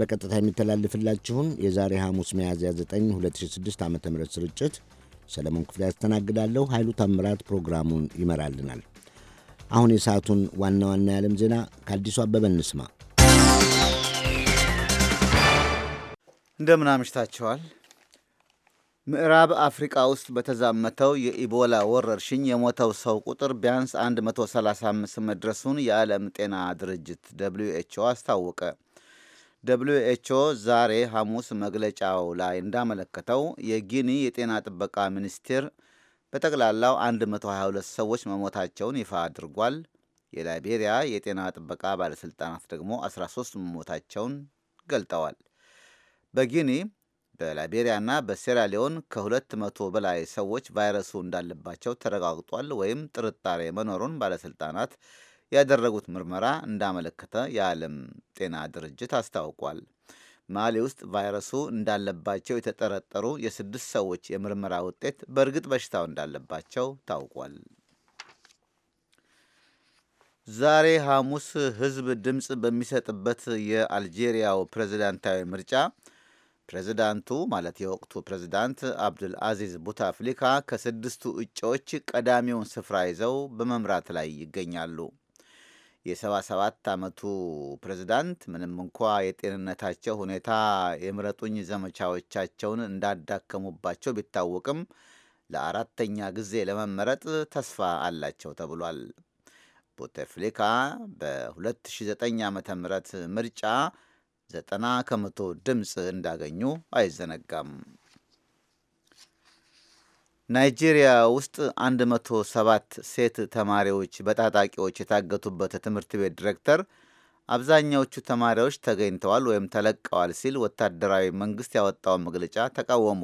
በቀጥታ የሚተላልፍላችሁን የዛሬ ሐሙስ ሚያዝያ 9 2006 ዓ ም ስርጭት ሰለሞን ክፍሌ ያስተናግዳለሁ። ኃይሉ ታምራት ፕሮግራሙን ይመራልናል። አሁን የሰዓቱን ዋና ዋና የዓለም ዜና ከአዲሱ አበበ እንስማ። እንደምን አምሽታችኋል። ምዕራብ አፍሪቃ ውስጥ በተዛመተው የኢቦላ ወረርሽኝ የሞተው ሰው ቁጥር ቢያንስ 135 መድረሱን የዓለም ጤና ድርጅት ደብሊዩ ኤች ኦ አስታወቀ። ደብልዩ ኤች ኦ ዛሬ ሐሙስ መግለጫው ላይ እንዳመለከተው የጊኒ የጤና ጥበቃ ሚኒስቴር በጠቅላላው 122 ሰዎች መሞታቸውን ይፋ አድርጓል። የላይቤሪያ የጤና ጥበቃ ባለሥልጣናት ደግሞ 13 መሞታቸውን ገልጠዋል። በጊኒ በላይቤሪያና በሴራሊዮን ከሁለት 200 በላይ ሰዎች ቫይረሱ እንዳለባቸው ተረጋግጧል ወይም ጥርጣሬ መኖሩን ባለሥልጣናት ያደረጉት ምርመራ እንዳመለከተ የዓለም ጤና ድርጅት አስታውቋል። ማሊ ውስጥ ቫይረሱ እንዳለባቸው የተጠረጠሩ የስድስት ሰዎች የምርመራ ውጤት በእርግጥ በሽታው እንዳለባቸው ታውቋል። ዛሬ ሐሙስ ሕዝብ ድምፅ በሚሰጥበት የአልጄሪያው ፕሬዝዳንታዊ ምርጫ ፕሬዝዳንቱ ማለት የወቅቱ ፕሬዝዳንት አብዱል አዚዝ ቡታፍሊካ ከስድስቱ እጩዎች ቀዳሚውን ስፍራ ይዘው በመምራት ላይ ይገኛሉ። የ77 ዓመቱ ፕሬዝዳንት ምንም እንኳ የጤንነታቸው ሁኔታ የምረጡኝ ዘመቻዎቻቸውን እንዳዳከሙባቸው ቢታወቅም ለአራተኛ ጊዜ ለመመረጥ ተስፋ አላቸው ተብሏል። ቦተፍሊካ በ2009 ዓ ም ምርጫ ጠና ከመቶ ድምፅ እንዳገኙ አይዘነጋም። ናይጄሪያ ውስጥ 107 ሴት ተማሪዎች በታጣቂዎች የታገቱበት ትምህርት ቤት ዲሬክተር አብዛኛዎቹ ተማሪዎች ተገኝተዋል ወይም ተለቀዋል ሲል ወታደራዊ መንግስት ያወጣውን መግለጫ ተቃወሙ።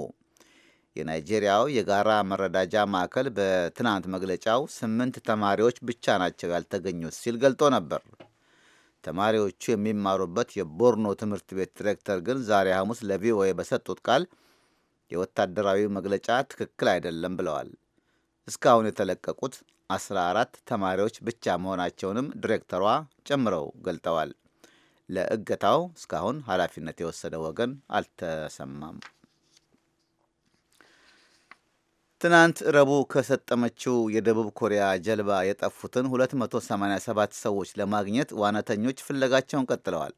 የናይጄሪያው የጋራ መረዳጃ ማዕከል በትናንት መግለጫው ስምንት ተማሪዎች ብቻ ናቸው ያልተገኙት ሲል ገልጦ ነበር። ተማሪዎቹ የሚማሩበት የቦርኖ ትምህርት ቤት ዲሬክተር ግን ዛሬ ሐሙስ ለቪኦኤ በሰጡት ቃል የወታደራዊ መግለጫ ትክክል አይደለም ብለዋል። እስካሁን የተለቀቁት 14 ተማሪዎች ብቻ መሆናቸውንም ዲሬክተሯ ጨምረው ገልጠዋል። ለእገታው እስካሁን ኃላፊነት የወሰደ ወገን አልተሰማም። ትናንት ረቡዕ ከሰጠመችው የደቡብ ኮሪያ ጀልባ የጠፉትን 287 ሰዎች ለማግኘት ዋናተኞች ፍለጋቸውን ቀጥለዋል።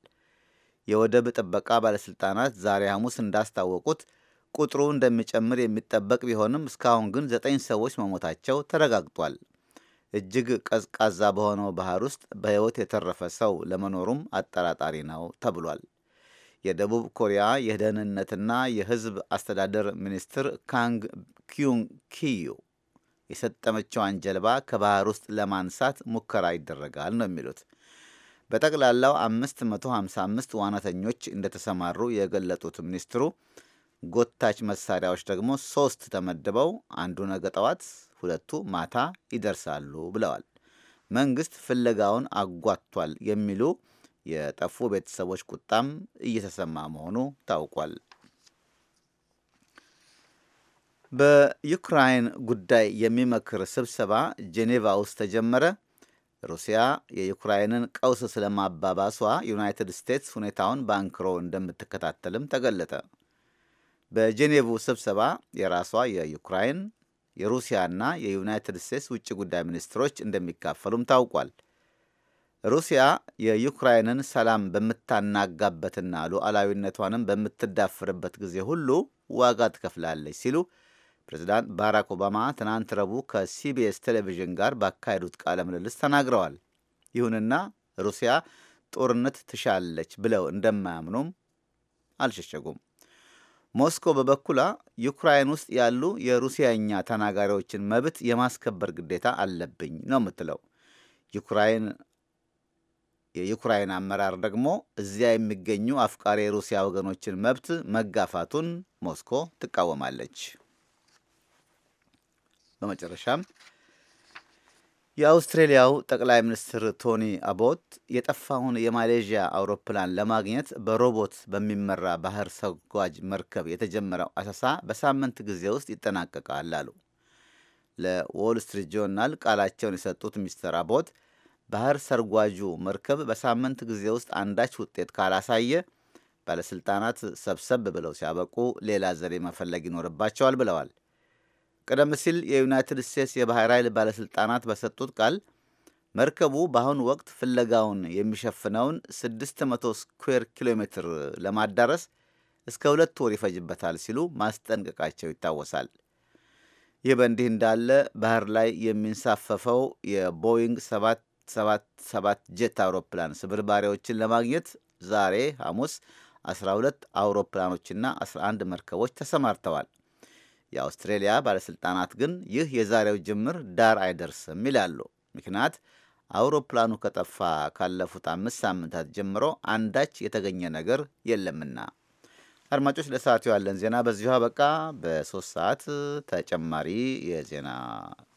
የወደብ ጥበቃ ባለሥልጣናት ዛሬ ሐሙስ እንዳስታወቁት ቁጥሩ እንደሚጨምር የሚጠበቅ ቢሆንም እስካሁን ግን ዘጠኝ ሰዎች መሞታቸው ተረጋግጧል። እጅግ ቀዝቃዛ በሆነው ባህር ውስጥ በሕይወት የተረፈ ሰው ለመኖሩም አጠራጣሪ ነው ተብሏል። የደቡብ ኮሪያ የደህንነትና የሕዝብ አስተዳደር ሚኒስትር ካንግ ኪዩንግ ኪዩ የሰጠመችዋን ጀልባ ከባህር ውስጥ ለማንሳት ሙከራ ይደረጋል ነው የሚሉት። በጠቅላላው 555 ዋናተኞች እንደተሰማሩ የገለጡት ሚኒስትሩ ጎታች መሳሪያዎች ደግሞ ሶስት ተመድበው አንዱ ነገ ጠዋት ሁለቱ ማታ ይደርሳሉ ብለዋል። መንግስት ፍለጋውን አጓቷል የሚሉ የጠፉ ቤተሰቦች ቁጣም እየተሰማ መሆኑ ታውቋል። በዩክራይን ጉዳይ የሚመክር ስብሰባ ጄኔቫ ውስጥ ተጀመረ። ሩሲያ የዩክራይንን ቀውስ ስለማባባሷ ዩናይትድ ስቴትስ ሁኔታውን በአንክሮ እንደምትከታተልም ተገለጠ። በጄኔቭ ስብሰባ የራሷ የዩክራይን የሩሲያና የዩናይትድ ስቴትስ ውጭ ጉዳይ ሚኒስትሮች እንደሚካፈሉም ታውቋል። ሩሲያ የዩክራይንን ሰላም በምታናጋበትና ሉዓላዊነቷንም በምትዳፍርበት ጊዜ ሁሉ ዋጋ ትከፍላለች ሲሉ ፕሬዚዳንት ባራክ ኦባማ ትናንት ረቡዕ ከሲቢኤስ ቴሌቪዥን ጋር ባካሄዱት ቃለ ምልልስ ተናግረዋል። ይሁንና ሩሲያ ጦርነት ትሻለች ብለው እንደማያምኑም አልሸሸጉም። ሞስኮ በበኩሏ ዩክራይን ውስጥ ያሉ የሩሲያኛ ተናጋሪዎችን መብት የማስከበር ግዴታ አለብኝ ነው የምትለው። ዩክራይን የዩክራይን አመራር ደግሞ እዚያ የሚገኙ አፍቃሪ የሩሲያ ወገኖችን መብት መጋፋቱን ሞስኮ ትቃወማለች። በመጨረሻም የአውስትሬሊያው ጠቅላይ ሚኒስትር ቶኒ አቦት የጠፋውን የማሌዥያ አውሮፕላን ለማግኘት በሮቦት በሚመራ ባህር ሰጓጅ መርከብ የተጀመረው አሰሳ በሳምንት ጊዜ ውስጥ ይጠናቀቃል አሉ። ለዎል ስትሪት ጆርናል ቃላቸውን የሰጡት ሚስተር አቦት ባህር ሰርጓጁ መርከብ በሳምንት ጊዜ ውስጥ አንዳች ውጤት ካላሳየ ባለሥልጣናት ሰብሰብ ብለው ሲያበቁ ሌላ ዘዴ መፈለግ ይኖርባቸዋል ብለዋል። ቀደም ሲል የዩናይትድ ስቴትስ የባህር ኃይል ባለሥልጣናት በሰጡት ቃል መርከቡ በአሁኑ ወቅት ፍለጋውን የሚሸፍነውን 600 ስኩዌር ኪሎ ሜትር ለማዳረስ እስከ ሁለት ወር ይፈጅበታል ሲሉ ማስጠንቀቃቸው ይታወሳል። ይህ በእንዲህ እንዳለ ባህር ላይ የሚንሳፈፈው የቦይንግ 777 ጄት አውሮፕላን ስብርባሪዎችን ለማግኘት ዛሬ ሐሙስ 12 አውሮፕላኖችና 11 መርከቦች ተሰማርተዋል። የአውስትሬሊያ ባለሥልጣናት ግን ይህ የዛሬው ጅምር ዳር አይደርስም ይላሉ። ምክንያት አውሮፕላኑ ከጠፋ ካለፉት አምስት ሳምንታት ጀምሮ አንዳች የተገኘ ነገር የለምና። አድማጮች ለሰዓቱ ያለን ዜና በዚሁ አበቃ። በሶስት ሰዓት ተጨማሪ የዜና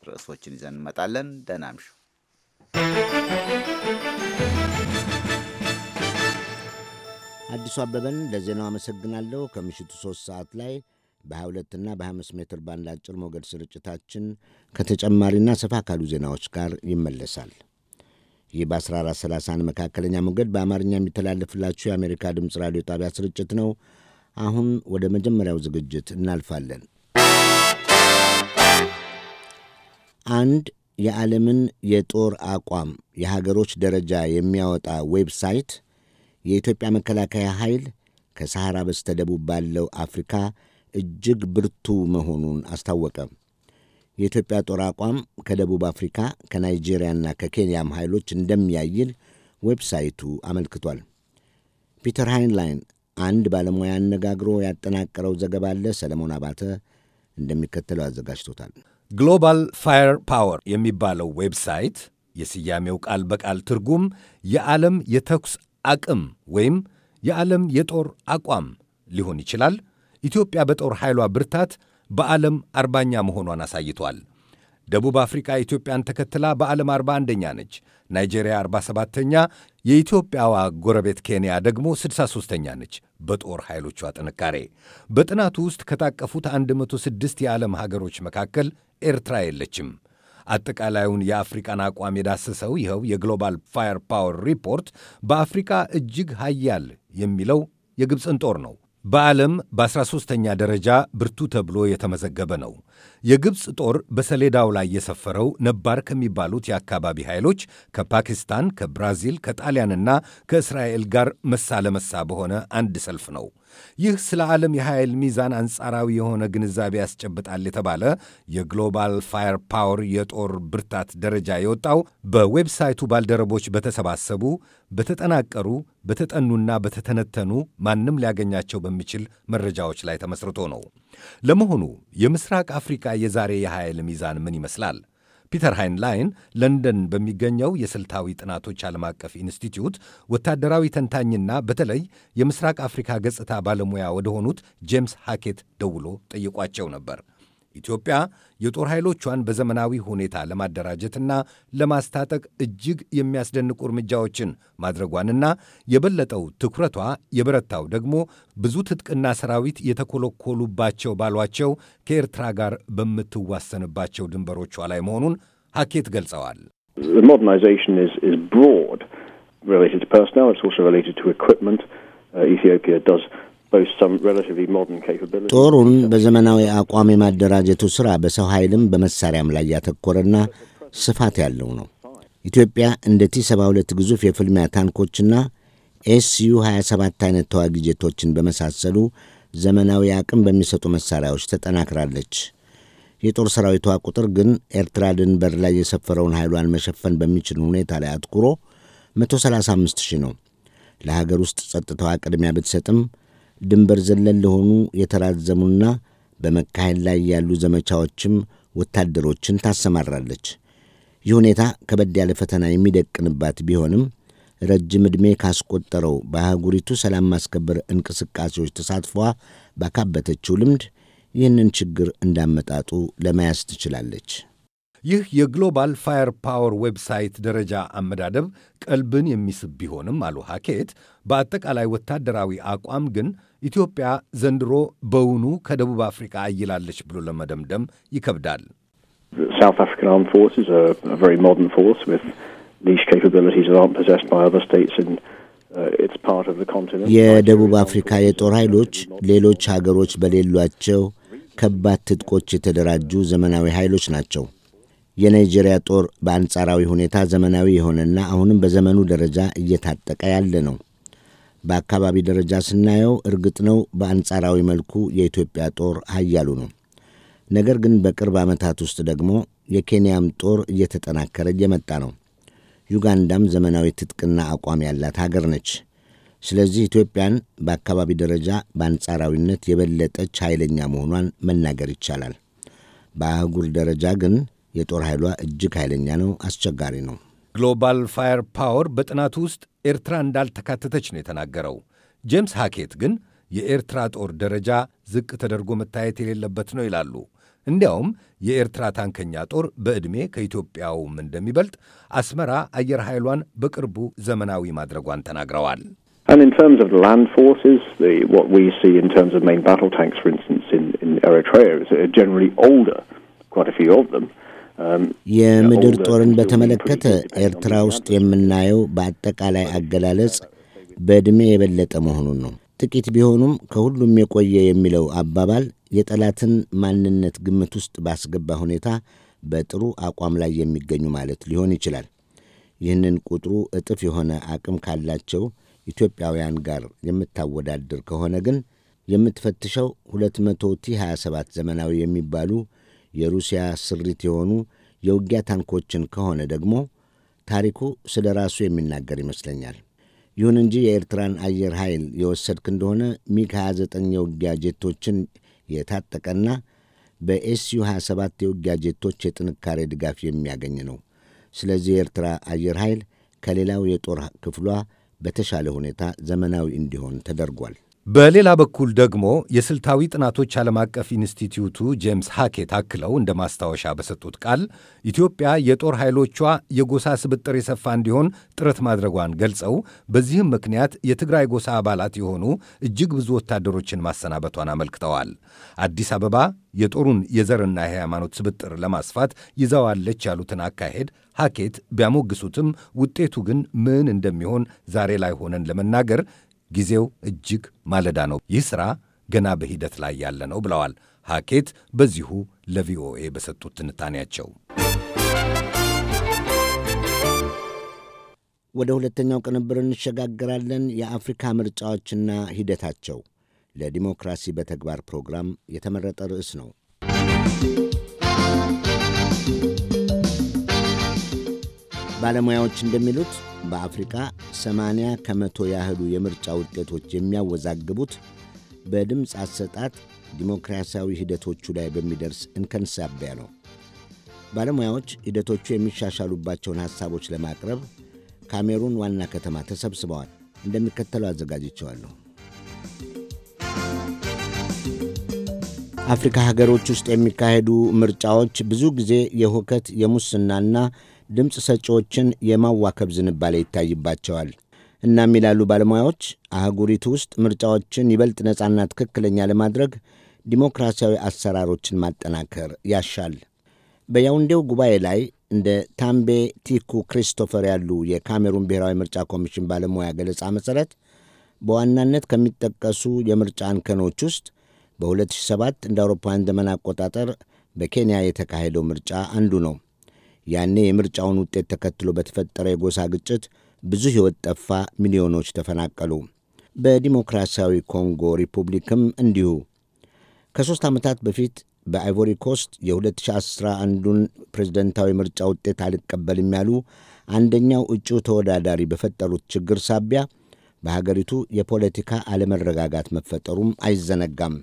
ርዕሶችን ይዘን እንመጣለን። ደህና እምሹ። አዲሱ አበበን ለዜናው አመሰግናለሁ። ከምሽቱ ሶስት ሰዓት ላይ በ22 እና በ25 ሜትር ባንድ አጭር ሞገድ ስርጭታችን ከተጨማሪና ሰፋ ካሉ ዜናዎች ጋር ይመለሳል። ይህ በ1430 መካከለኛ ሞገድ በአማርኛ የሚተላለፍላችሁ የአሜሪካ ድምፅ ራዲዮ ጣቢያ ስርጭት ነው። አሁን ወደ መጀመሪያው ዝግጅት እናልፋለን። አንድ የዓለምን የጦር አቋም የሀገሮች ደረጃ የሚያወጣ ዌብሳይት የኢትዮጵያ መከላከያ ኃይል ከሰሐራ በስተ ደቡብ ባለው አፍሪካ እጅግ ብርቱ መሆኑን አስታወቀ። የኢትዮጵያ ጦር አቋም ከደቡብ አፍሪካ ከናይጄሪያና ከኬንያም ኃይሎች እንደሚያይል ዌብሳይቱ አመልክቷል። ፒተር ሃይንላይን አንድ ባለሙያ አነጋግሮ ያጠናቀረው ዘገባ አለ። ሰለሞን አባተ እንደሚከተለው አዘጋጅቶታል። ግሎባል ፋየር ፓወር የሚባለው ዌብሳይት የስያሜው ቃል በቃል ትርጉም የዓለም የተኩስ አቅም ወይም የዓለም የጦር አቋም ሊሆን ይችላል ኢትዮጵያ በጦር ኃይሏ ብርታት በዓለም አርባኛ መሆኗን አሳይቷል። ደቡብ አፍሪካ ኢትዮጵያን ተከትላ በዓለም 41ኛ ነች። ናይጄሪያ 47 ባተኛ የኢትዮጵያዋ ጎረቤት ኬንያ ደግሞ 63ተኛ ነች። በጦር ኃይሎቿ ጥንካሬ በጥናቱ ውስጥ ከታቀፉት 106 የዓለም ሀገሮች መካከል ኤርትራ የለችም። አጠቃላዩን የአፍሪቃን አቋም የዳሰሰው ይኸው የግሎባል ፋየር ፓወር ሪፖርት በአፍሪካ እጅግ ሀያል የሚለው የግብፅን ጦር ነው። በዓለም በ 13 ተኛ ደረጃ ብርቱ ተብሎ የተመዘገበ ነው። የግብፅ ጦር በሰሌዳው ላይ የሰፈረው ነባር ከሚባሉት የአካባቢ ኃይሎች ከፓኪስታን፣ ከብራዚል፣ ከጣሊያንና ከእስራኤል ጋር መሳ ለመሳ በሆነ አንድ ሰልፍ ነው። ይህ ስለ ዓለም የኃይል ሚዛን አንጻራዊ የሆነ ግንዛቤ ያስጨብጣል የተባለ የግሎባል ፋየር ፓወር የጦር ብርታት ደረጃ የወጣው በዌብሳይቱ ባልደረቦች በተሰባሰቡ በተጠናቀሩ በተጠኑና በተተነተኑ ማንም ሊያገኛቸው በሚችል መረጃዎች ላይ ተመስርቶ ነው። ለመሆኑ የምስራቅ አፍሪካ የዛሬ የኃይል ሚዛን ምን ይመስላል? ፒተር ሃይንላይን ለንደን በሚገኘው የስልታዊ ጥናቶች ዓለም አቀፍ ኢንስቲትዩት ወታደራዊ ተንታኝና በተለይ የምስራቅ አፍሪካ ገጽታ ባለሙያ ወደሆኑት ጄምስ ሃኬት ደውሎ ጠይቋቸው ነበር። ኢትዮጵያ የጦር ኃይሎቿን በዘመናዊ ሁኔታ ለማደራጀትና ለማስታጠቅ እጅግ የሚያስደንቁ እርምጃዎችን ማድረጓንና የበለጠው ትኩረቷ የበረታው ደግሞ ብዙ ትጥቅና ሰራዊት የተኮለኮሉባቸው ባሏቸው ከኤርትራ ጋር በምትዋሰንባቸው ድንበሮቿ ላይ መሆኑን ሀኬት ገልጸዋል። ሞደርናይዜሽን ጦሩን በዘመናዊ አቋም የማደራጀቱ ሥራ በሰው ኃይልም በመሳሪያም ላይ ያተኮረና ስፋት ያለው ነው። ኢትዮጵያ እንደ ቲ 72 ግዙፍ የፍልሚያ ታንኮችና ኤስዩ 27 አይነት ተዋጊ ጄቶችን በመሳሰሉ ዘመናዊ አቅም በሚሰጡ መሳሪያዎች ተጠናክራለች። የጦር ሰራዊቷ ቁጥር ግን ኤርትራ ድንበር ላይ የሰፈረውን ኃይሏን መሸፈን በሚችል ሁኔታ ላይ አትኩሮ 135 ሺህ ነው። ለሀገር ውስጥ ጸጥታዋ ቅድሚያ ብትሰጥም ድንበር ዘለል ለሆኑ የተራዘሙና በመካሄድ ላይ ያሉ ዘመቻዎችም ወታደሮችን ታሰማራለች። ይህ ሁኔታ ከበድ ያለ ፈተና የሚደቅንባት ቢሆንም ረጅም ዕድሜ ካስቆጠረው በአህጉሪቱ ሰላም ማስከበር እንቅስቃሴዎች ተሳትፏ ባካበተችው ልምድ ይህንን ችግር እንዳመጣጡ ለመያዝ ትችላለች። ይህ የግሎባል ፋየር ፓወር ዌብሳይት ደረጃ አመዳደብ ቀልብን የሚስብ ቢሆንም አሉ ሀኬት፣ በአጠቃላይ ወታደራዊ አቋም ግን ኢትዮጵያ ዘንድሮ በውኑ ከደቡብ አፍሪካ አይላለች ብሎ ለመደምደም ይከብዳል። uh, የደቡብ አፍሪካ የጦር ኃይሎች ሌሎች ሀገሮች በሌሏቸው ከባድ ትጥቆች የተደራጁ ዘመናዊ ኃይሎች ናቸው። የናይጄሪያ ጦር በአንጻራዊ ሁኔታ ዘመናዊ የሆነና አሁንም በዘመኑ ደረጃ እየታጠቀ ያለ ነው። በአካባቢ ደረጃ ስናየው እርግጥ ነው በአንጻራዊ መልኩ የኢትዮጵያ ጦር ኃያሉ ነው። ነገር ግን በቅርብ ዓመታት ውስጥ ደግሞ የኬንያም ጦር እየተጠናከረ እየመጣ ነው። ዩጋንዳም ዘመናዊ ትጥቅና አቋም ያላት ሀገር ነች። ስለዚህ ኢትዮጵያን በአካባቢ ደረጃ በአንጻራዊነት የበለጠች ኃይለኛ መሆኗን መናገር ይቻላል። በአህጉር ደረጃ ግን የጦር ኃይሏ እጅግ ኃይለኛ ነው፣ አስቸጋሪ ነው። ግሎባል ፋየር ፓወር በጥናቱ ውስጥ ኤርትራ እንዳልተካተተች ነው የተናገረው። ጄምስ ሃኬት ግን የኤርትራ ጦር ደረጃ ዝቅ ተደርጎ መታየት የሌለበት ነው ይላሉ። እንዲያውም የኤርትራ ታንከኛ ጦር በዕድሜ ከኢትዮጵያውም እንደሚበልጥ አስመራ አየር ኃይሏን በቅርቡ ዘመናዊ ማድረጓን ተናግረዋል። የምድር ጦርን በተመለከተ ኤርትራ ውስጥ የምናየው በአጠቃላይ አገላለጽ በዕድሜ የበለጠ መሆኑን ነው። ጥቂት ቢሆኑም ከሁሉም የቆየ የሚለው አባባል የጠላትን ማንነት ግምት ውስጥ ባስገባ ሁኔታ በጥሩ አቋም ላይ የሚገኙ ማለት ሊሆን ይችላል። ይህንን ቁጥሩ እጥፍ የሆነ አቅም ካላቸው ኢትዮጵያውያን ጋር የምታወዳድር ከሆነ ግን የምትፈትሸው 200 ቲ 27 ዘመናዊ የሚባሉ የሩሲያ ስሪት የሆኑ የውጊያ ታንኮችን ከሆነ ደግሞ ታሪኩ ስለ ራሱ የሚናገር ይመስለኛል። ይሁን እንጂ የኤርትራን አየር ኃይል የወሰድክ እንደሆነ ሚግ 29 የውጊያ ጄቶችን የታጠቀና በኤስዩ 27 የውጊያ ጄቶች የጥንካሬ ድጋፍ የሚያገኝ ነው። ስለዚህ የኤርትራ አየር ኃይል ከሌላው የጦር ክፍሏ በተሻለ ሁኔታ ዘመናዊ እንዲሆን ተደርጓል። በሌላ በኩል ደግሞ የስልታዊ ጥናቶች ዓለም አቀፍ ኢንስቲትዩቱ ጄምስ ሃኬት አክለው እንደ ማስታወሻ በሰጡት ቃል ኢትዮጵያ የጦር ኃይሎቿ የጎሳ ስብጥር የሰፋ እንዲሆን ጥረት ማድረጓን ገልጸው በዚህም ምክንያት የትግራይ ጎሳ አባላት የሆኑ እጅግ ብዙ ወታደሮችን ማሰናበቷን አመልክተዋል። አዲስ አበባ የጦሩን የዘርና የሃይማኖት ስብጥር ለማስፋት ይዘዋለች ያሉትን አካሄድ ሃኬት ቢያሞግሱትም ውጤቱ ግን ምን እንደሚሆን ዛሬ ላይ ሆነን ለመናገር ጊዜው እጅግ ማለዳ ነው። ይህ ሥራ ገና በሂደት ላይ ያለ ነው ብለዋል ሐኬት በዚሁ ለቪኦኤ በሰጡት ትንታኔያቸው። ወደ ሁለተኛው ቅንብር እንሸጋግራለን። የአፍሪካ ምርጫዎችና ሂደታቸው ለዲሞክራሲ በተግባር ፕሮግራም የተመረጠ ርዕስ ነው። ባለሙያዎች እንደሚሉት በአፍሪካ 80 ከመቶ ያህሉ የምርጫ ውጤቶች የሚያወዛግቡት በድምፅ አሰጣጥ ዲሞክራሲያዊ ሂደቶቹ ላይ በሚደርስ እንከን ሳቢያ ነው። ባለሙያዎች ሂደቶቹ የሚሻሻሉባቸውን ሐሳቦች ለማቅረብ ካሜሩን ዋና ከተማ ተሰብስበዋል። እንደሚከተለው አዘጋጅቸዋለሁ። አፍሪካ ሀገሮች ውስጥ የሚካሄዱ ምርጫዎች ብዙ ጊዜ የሁከት የሙስናና ድምፅ ሰጪዎችን የማዋከብ ዝንባሌ ይታይባቸዋል። እናም ይላሉ ባለሙያዎች አህጉሪቱ ውስጥ ምርጫዎችን ይበልጥ ነጻና ትክክለኛ ለማድረግ ዲሞክራሲያዊ አሰራሮችን ማጠናከር ያሻል። በያውንዴው ጉባኤ ላይ እንደ ታምቤ ቲኩ ክሪስቶፈር ያሉ የካሜሩን ብሔራዊ ምርጫ ኮሚሽን ባለሙያ ገለጻ መሠረት በዋናነት ከሚጠቀሱ የምርጫ እንከኖች ውስጥ በ2007 እንደ አውሮፓውያን ዘመን አቆጣጠር በኬንያ የተካሄደው ምርጫ አንዱ ነው። ያኔ የምርጫውን ውጤት ተከትሎ በተፈጠረ የጎሳ ግጭት ብዙ ሕይወት ጠፋ፣ ሚሊዮኖች ተፈናቀሉ። በዲሞክራሲያዊ ኮንጎ ሪፑብሊክም እንዲሁ። ከሦስት ዓመታት በፊት በአይቮሪ ኮስት የ2011ን ፕሬዝደንታዊ ምርጫ ውጤት አልቀበልም ያሉ አንደኛው እጩ ተወዳዳሪ በፈጠሩት ችግር ሳቢያ በሀገሪቱ የፖለቲካ አለመረጋጋት መፈጠሩም አይዘነጋም።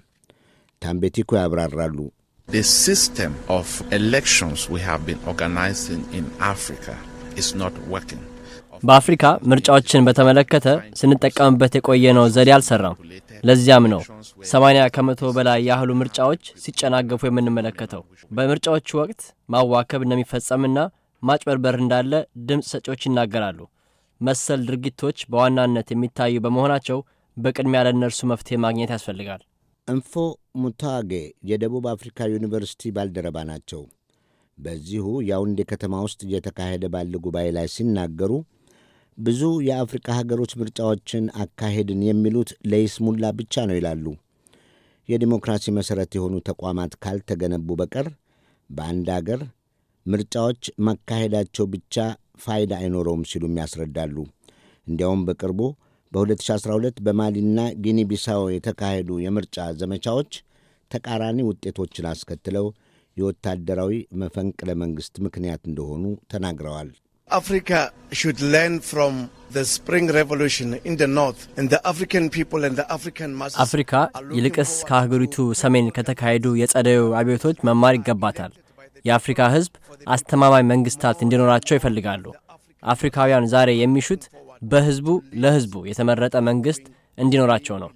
ታምቤቲኮ ያብራራሉ። The system of elections we have been organizing in Africa is not working. በአፍሪካ ምርጫዎችን በተመለከተ ስንጠቀምበት የቆየነው ዘዴ አልሰራም። ለዚያም ነው 80 ከመቶ በላይ ያህሉ ምርጫዎች ሲጨናገፉ የምንመለከተው። በምርጫዎቹ ወቅት ማዋከብ እንደሚፈጸምና ማጭበርበር እንዳለ ድምፅ ሰጪዎች ይናገራሉ። መሰል ድርጊቶች በዋናነት የሚታዩ በመሆናቸው በቅድሚያ ለእነርሱ መፍትሄ ማግኘት ያስፈልጋል። እንፎ ሙታጌ የደቡብ አፍሪካ ዩኒቨርሲቲ ባልደረባ ናቸው። በዚሁ ያውንዴ ከተማ ውስጥ እየተካሄደ ባለ ጉባኤ ላይ ሲናገሩ ብዙ የአፍሪካ ሀገሮች ምርጫዎችን አካሄድን የሚሉት ለይስሙላ ብቻ ነው ይላሉ። የዲሞክራሲ መሠረት የሆኑ ተቋማት ካልተገነቡ በቀር በአንድ አገር ምርጫዎች መካሄዳቸው ብቻ ፋይዳ አይኖረውም ሲሉም ያስረዳሉ። እንዲያውም በቅርቡ በ2012 በማሊና ጊኒ ቢሳው የተካሄዱ የምርጫ ዘመቻዎች ተቃራኒ ውጤቶችን አስከትለው የወታደራዊ መፈንቅለ መንግሥት ምክንያት እንደሆኑ ተናግረዋል። አፍሪካ ሹድ ለርን ፍሮም ስፕሪንግ ሬቮሉሽን ኢን ኖርት አፍሪካን ፒፕል አፍሪካን ማስ አፍሪካ ይልቅስ ከአህጉሪቱ ሰሜን ከተካሄዱ የጸደዩ አብዮቶች መማር ይገባታል። የአፍሪካ ሕዝብ አስተማማኝ መንግሥታት እንዲኖራቸው ይፈልጋሉ። አፍሪካውያን ዛሬ የሚሹት በህዝቡ ለህዝቡ የተመረጠ መንግስት እንዲኖራቸው ነው።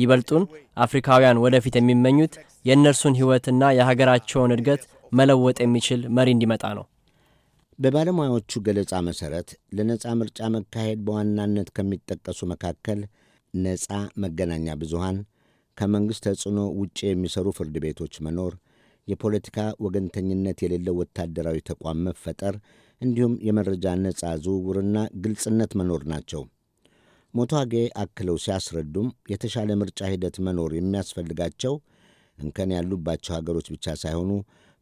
ይበልጡን አፍሪካውያን ወደፊት የሚመኙት የእነርሱን ህይወትና የሀገራቸውን እድገት መለወጥ የሚችል መሪ እንዲመጣ ነው። በባለሙያዎቹ ገለጻ መሠረት ለነፃ ምርጫ መካሄድ በዋናነት ከሚጠቀሱ መካከል ነፃ መገናኛ ብዙሃን፣ ከመንግሥት ተጽዕኖ ውጭ የሚሰሩ ፍርድ ቤቶች መኖር፣ የፖለቲካ ወገንተኝነት የሌለው ወታደራዊ ተቋም መፈጠር፣ እንዲሁም የመረጃ ነፃ ዝውውርና ግልጽነት መኖር ናቸው። ሞቷጌ አክለው ሲያስረዱም የተሻለ ምርጫ ሂደት መኖር የሚያስፈልጋቸው እንከን ያሉባቸው ሀገሮች ብቻ ሳይሆኑ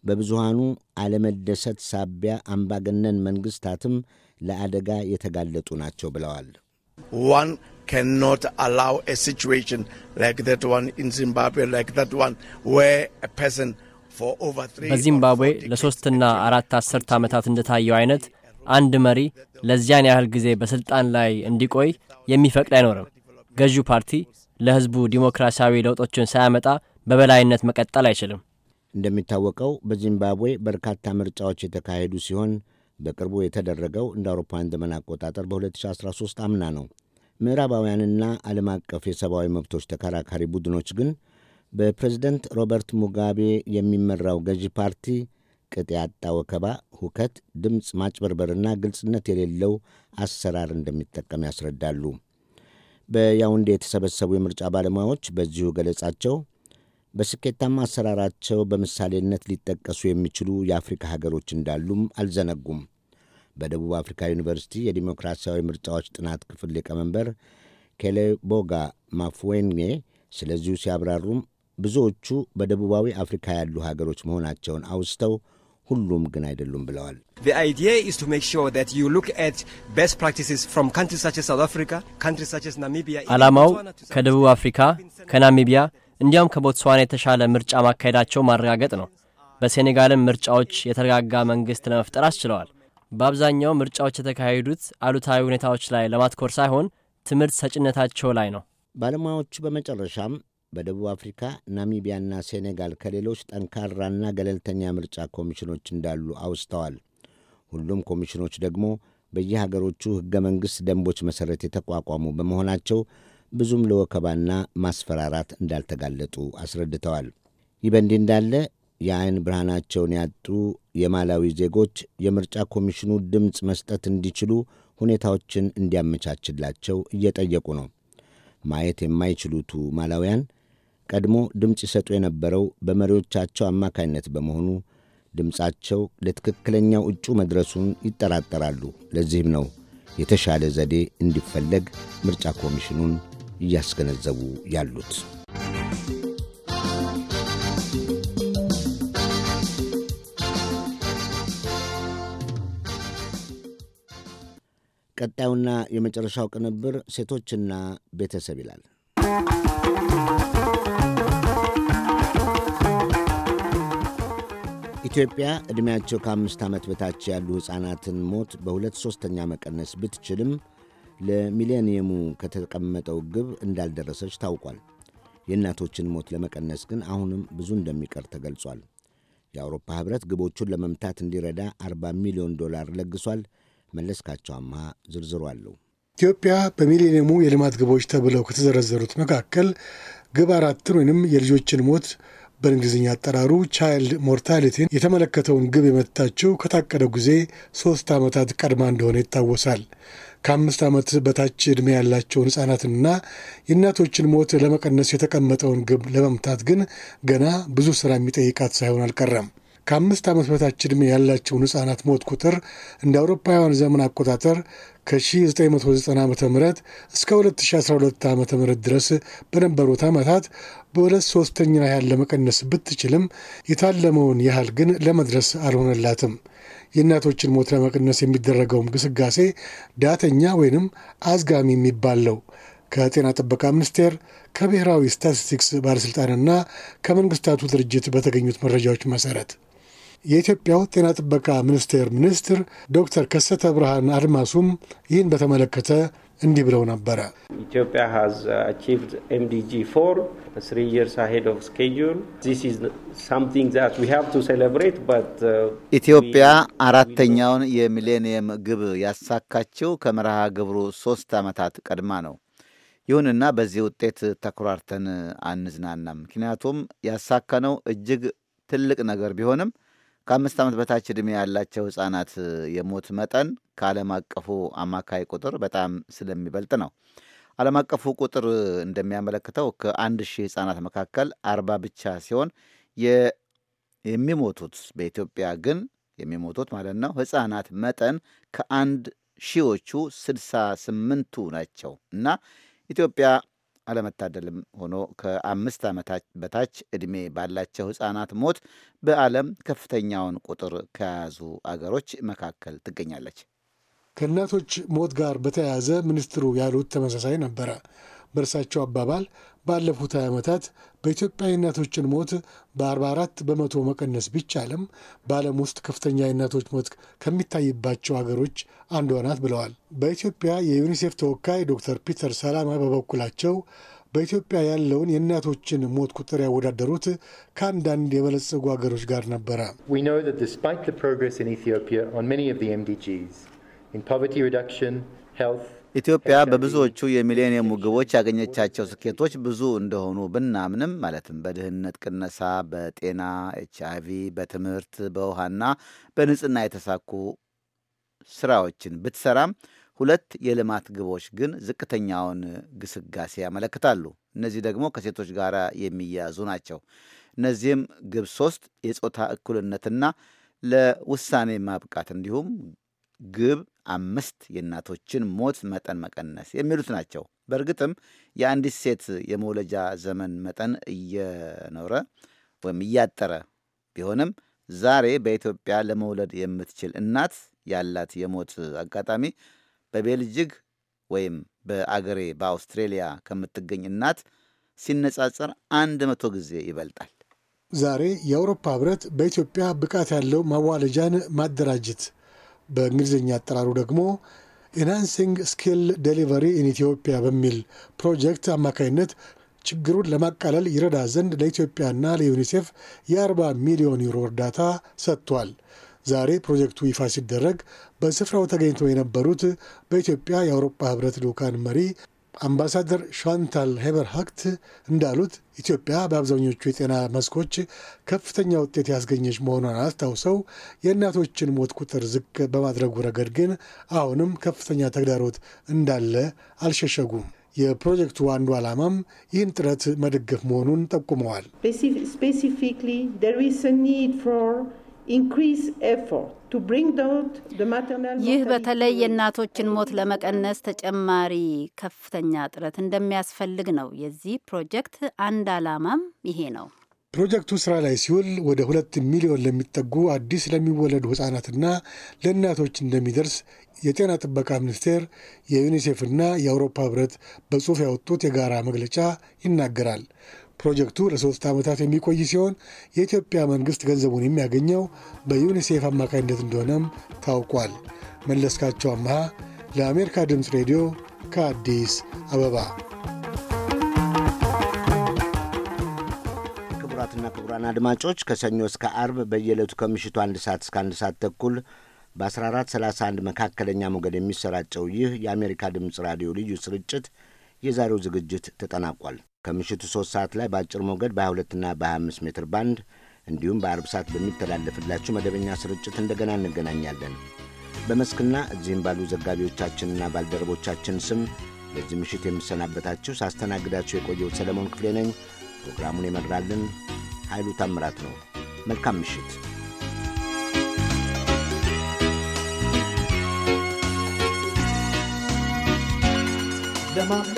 በብዙሃኑ አለመደሰት ሳቢያ አምባገነን መንግሥታትም ለአደጋ የተጋለጡ ናቸው ብለዋል። ዋን ኖት አላው a situation like that በዚምባብዌ ለሦስትና አራት አስርት ዓመታት እንደታየው አይነት አንድ መሪ ለዚያን ያህል ጊዜ በሥልጣን ላይ እንዲቆይ የሚፈቅድ አይኖርም። ገዢው ፓርቲ ለሕዝቡ ዲሞክራሲያዊ ለውጦችን ሳያመጣ በበላይነት መቀጠል አይችልም። እንደሚታወቀው በዚምባብዌ በርካታ ምርጫዎች የተካሄዱ ሲሆን በቅርቡ የተደረገው እንደ አውሮፓውያን ዘመን አቆጣጠር በ2013 አምና ነው። ምዕራባውያንና ዓለም አቀፍ የሰብአዊ መብቶች ተከራካሪ ቡድኖች ግን በፕሬዝደንት ሮበርት ሙጋቤ የሚመራው ገዢ ፓርቲ ቅጥ ያጣ ወከባ፣ ሁከት፣ ድምፅ ማጭበርበርና ግልጽነት የሌለው አሰራር እንደሚጠቀም ያስረዳሉ። በያውንዴ የተሰበሰቡ የምርጫ ባለሙያዎች በዚሁ ገለጻቸው በስኬታማ አሰራራቸው በምሳሌነት ሊጠቀሱ የሚችሉ የአፍሪካ ሀገሮች እንዳሉም አልዘነጉም። በደቡብ አፍሪካ ዩኒቨርሲቲ የዲሞክራሲያዊ ምርጫዎች ጥናት ክፍል ሊቀመንበር ኬሌቦጋ ማፍዌንጌ ስለዚሁ ሲያብራሩም ብዙዎቹ በደቡባዊ አፍሪካ ያሉ ሀገሮች መሆናቸውን አውስተው ሁሉም ግን አይደሉም ብለዋል። ዓላማው ከደቡብ አፍሪካ፣ ከናሚቢያ እንዲያውም ከቦትስዋና የተሻለ ምርጫ ማካሄዳቸው ማረጋገጥ ነው። በሴኔጋልም ምርጫዎች የተረጋጋ መንግሥት ለመፍጠር አስችለዋል። በአብዛኛው ምርጫዎች የተካሄዱት አሉታዊ ሁኔታዎች ላይ ለማትኮር ሳይሆን ትምህርት ሰጭነታቸው ላይ ነው። ባለሙያዎቹ በመጨረሻም በደቡብ አፍሪካ፣ ናሚቢያና ሴኔጋል ከሌሎች ጠንካራና ገለልተኛ ምርጫ ኮሚሽኖች እንዳሉ አውስተዋል። ሁሉም ኮሚሽኖች ደግሞ በየሀገሮቹ ሕገ መንግሥት ደንቦች መሠረት የተቋቋሙ በመሆናቸው ብዙም ለወከባና ማስፈራራት እንዳልተጋለጡ አስረድተዋል። ይህ በእንዲህ እንዳለ የአይን ብርሃናቸውን ያጡ የማላዊ ዜጎች የምርጫ ኮሚሽኑ ድምፅ መስጠት እንዲችሉ ሁኔታዎችን እንዲያመቻችላቸው እየጠየቁ ነው። ማየት የማይችሉቱ ማላውያን ቀድሞ ድምፅ ይሰጡ የነበረው በመሪዎቻቸው አማካይነት በመሆኑ ድምፃቸው ለትክክለኛው እጩ መድረሱን ይጠራጠራሉ። ለዚህም ነው የተሻለ ዘዴ እንዲፈለግ ምርጫ ኮሚሽኑን እያስገነዘቡ ያሉት። ቀጣዩና የመጨረሻው ቅንብር ሴቶችና ቤተሰብ ይላል። ኢትዮጵያ ዕድሜያቸው ከአምስት ዓመት በታች ያሉ ሕፃናትን ሞት በሁለት ሦስተኛ መቀነስ ብትችልም ለሚሌኒየሙ ከተቀመጠው ግብ እንዳልደረሰች ታውቋል። የእናቶችን ሞት ለመቀነስ ግን አሁንም ብዙ እንደሚቀር ተገልጿል። የአውሮፓ ኅብረት ግቦቹን ለመምታት እንዲረዳ 40 ሚሊዮን ዶላር ለግሷል። መለስካቸው አምሃ ዝርዝሩ አለው። ኢትዮጵያ በሚሌኒየሙ የልማት ግቦች ተብለው ከተዘረዘሩት መካከል ግብ አራትን ወይንም የልጆችን ሞት በእንግሊዝኛ አጠራሩ ቻይልድ ሞርታሊቲን የተመለከተውን ግብ የመታችው ከታቀደው ጊዜ ሶስት ዓመታት ቀድማ እንደሆነ ይታወሳል። ከአምስት ዓመት በታች ዕድሜ ያላቸውን ሕፃናትና የእናቶችን ሞት ለመቀነስ የተቀመጠውን ግብ ለመምታት ግን ገና ብዙ ሥራ የሚጠይቃት ሳይሆን አልቀረም። ከአምስት ዓመት በታች ዕድሜ ያላቸውን ሕፃናት ሞት ቁጥር እንደ አውሮፓውያን ዘመን አቆጣጠር ከ1990 ዓ ም እስከ 2012 ዓ ም ድረስ በነበሩት ዓመታት በሁለት ሦስተኛ ያህል ለመቀነስ ብትችልም የታለመውን ያህል ግን ለመድረስ አልሆነላትም። የእናቶችን ሞት ለመቀነስ የሚደረገውም ግስጋሴ ዳተኛ ወይንም አዝጋሚ የሚባል ነው። ከጤና ጥበቃ ሚኒስቴር ከብሔራዊ ስታቲስቲክስ ባለሥልጣንና ከመንግሥታቱ ድርጅት በተገኙት መረጃዎች መሠረት የኢትዮጵያው ጤና ጥበቃ ሚኒስቴር ሚኒስትር ዶክተር ከሰተ ብርሃን አድማሱም ይህን በተመለከተ እንዲህ ብለው ነበረ። ኢትዮጵያ ሃዝ አቺቭድ ኤምዲጂ ፎር ይርስ አሄድ ኦፍ ስኬጁል ዚስ ኢዝ ሳምቲንግ ዛት ዊ ሃቭ ቱ ሴሌብሬት በት ኢትዮጵያ አራተኛውን የሚሌኒየም ግብ ያሳካችው ከመርሃ ግብሩ ሶስት ዓመታት ቀድማ ነው። ይሁንና በዚህ ውጤት ተኩራርተን አንዝናናም። ምክንያቱም ያሳካነው እጅግ ትልቅ ነገር ቢሆንም ከአምስት ዓመት በታች ዕድሜ ያላቸው ሕፃናት የሞት መጠን ከዓለም አቀፉ አማካይ ቁጥር በጣም ስለሚበልጥ ነው። ዓለም አቀፉ ቁጥር እንደሚያመለክተው ከአንድ ሺህ ሕፃናት መካከል አርባ ብቻ ሲሆን የሚሞቱት በኢትዮጵያ ግን የሚሞቱት ማለት ነው ሕፃናት መጠን ከአንድ ሺዎቹ ስድሳ ስምንቱ ናቸው እና ኢትዮጵያ አለመታደልም ሆኖ ከአምስት ዓመታት በታች ዕድሜ ባላቸው ሕፃናት ሞት በዓለም ከፍተኛውን ቁጥር ከያዙ አገሮች መካከል ትገኛለች። ከእናቶች ሞት ጋር በተያያዘ ሚኒስትሩ ያሉት ተመሳሳይ ነበረ። በእርሳቸው አባባል ባለፉት 20 ዓመታት በኢትዮጵያ የእናቶችን ሞት በ44 በመቶ መቀነስ ቢቻልም በዓለም ውስጥ ከፍተኛ የእናቶች ሞት ከሚታይባቸው አገሮች አንዷ ናት ብለዋል። በኢትዮጵያ የዩኒሴፍ ተወካይ ዶክተር ፒተር ሰላማ በበኩላቸው በኢትዮጵያ ያለውን የእናቶችን ሞት ቁጥር ያወዳደሩት ከአንዳንድ የበለጸጉ ሀገሮች ጋር ነበረ። ፕሮግረስ ኢትዮጵያ ን ኢትዮጵያ ኦፍ ዘ ኤምዲጂስ ኢትዮጵያ በብዙዎቹ የሚሌኒየም ግቦች ያገኘቻቸው ስኬቶች ብዙ እንደሆኑ ብናምንም ማለትም በድህነት ቅነሳ፣ በጤና ኤች አይቪ፣ በትምህርት፣ በውሃና በንጽህና የተሳኩ ስራዎችን ብትሰራም ሁለት የልማት ግቦች ግን ዝቅተኛውን ግስጋሴ ያመለክታሉ። እነዚህ ደግሞ ከሴቶች ጋር የሚያያዙ ናቸው። እነዚህም ግብ ሶስት የጾታ እኩልነትና ለውሳኔ ማብቃት እንዲሁም ግብ አምስት የእናቶችን ሞት መጠን መቀነስ የሚሉት ናቸው። በእርግጥም የአንዲት ሴት የመውለጃ ዘመን መጠን እየኖረ ወይም እያጠረ ቢሆንም ዛሬ በኢትዮጵያ ለመውለድ የምትችል እናት ያላት የሞት አጋጣሚ በቤልጅግ ወይም በአገሬ በአውስትሬሊያ ከምትገኝ እናት ሲነጻጸር አንድ መቶ ጊዜ ይበልጣል። ዛሬ የአውሮፓ ህብረት በኢትዮጵያ ብቃት ያለው ማዋለጃን ማደራጀት በእንግሊዝኛ አጠራሩ ደግሞ ኢናንሲንግ ስኪል ዴሊቨሪ ኢን ኢትዮጵያ በሚል ፕሮጀክት አማካኝነት ችግሩን ለማቃለል ይረዳ ዘንድ ለኢትዮጵያና ለዩኒሴፍ የ40 ሚሊዮን ዩሮ እርዳታ ሰጥቷል። ዛሬ ፕሮጀክቱ ይፋ ሲደረግ በስፍራው ተገኝተው የነበሩት በኢትዮጵያ የአውሮፓ ህብረት ልዑካን መሪ አምባሳደር ሻንታል ሄበር ሀክት እንዳሉት ኢትዮጵያ በአብዛኞቹ የጤና መስኮች ከፍተኛ ውጤት ያስገኘች መሆኗን አስታውሰው የእናቶችን ሞት ቁጥር ዝቅ በማድረጉ ረገድ ግን አሁንም ከፍተኛ ተግዳሮት እንዳለ አልሸሸጉም። የፕሮጀክቱ አንዱ ዓላማም ይህን ጥረት መደገፍ መሆኑን ጠቁመዋል። ይህ በተለይ የእናቶችን ሞት ለመቀነስ ተጨማሪ ከፍተኛ ጥረት እንደሚያስፈልግ ነው። የዚህ ፕሮጀክት አንድ ዓላማም ይሄ ነው። ፕሮጀክቱ ስራ ላይ ሲውል ወደ ሁለት ሚሊዮን ለሚጠጉ አዲስ ለሚወለዱ ህጻናትና ለእናቶች እንደሚደርስ የጤና ጥበቃ ሚኒስቴር የዩኒሴፍና የአውሮፓ ህብረት በጽሑፍ ያወጡት የጋራ መግለጫ ይናገራል። ፕሮጀክቱ ለሶስት ዓመታት የሚቆይ ሲሆን የኢትዮጵያ መንግሥት ገንዘቡን የሚያገኘው በዩኒሴፍ አማካኝነት እንደሆነም ታውቋል። መለስካቸው አመሃ ለአሜሪካ ድምፅ ሬዲዮ ከአዲስ አበባ። ክቡራትና ክቡራን አድማጮች ከሰኞ እስከ አርብ በየዕለቱ ከምሽቱ አንድ ሰዓት እስከ አንድ ሰዓት ተኩል በ1431 መካከለኛ ሞገድ የሚሰራጨው ይህ የአሜሪካ ድምፅ ራዲዮ ልዩ ስርጭት የዛሬው ዝግጅት ተጠናቋል። ከምሽቱ 3 ሰዓት ላይ በአጭር ሞገድ በ22ና በ25 ሜትር ባንድ እንዲሁም በአርብ ሰዓት በሚተላለፍላችሁ መደበኛ ስርጭት እንደገና እንገናኛለን። በመስክና እዚህም ባሉ ዘጋቢዎቻችንና ባልደረቦቻችን ስም ለዚህ ምሽት የምሰናበታችሁ ሳስተናግዳችሁ የቆየሁት ሰለሞን ክፍሌ ነኝ። ፕሮግራሙን የመራልን ኃይሉ ታምራት ነው። መልካም ምሽት። ደማም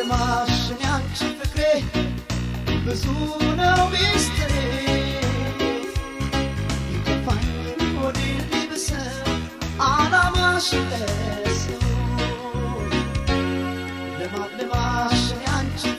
ብዙ ነው ሚስጥሬ ይከፋኝ ሆዴ ሊብሰው አላማሽ ለሰው ለማለማሽ ያንቺ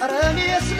Arame esse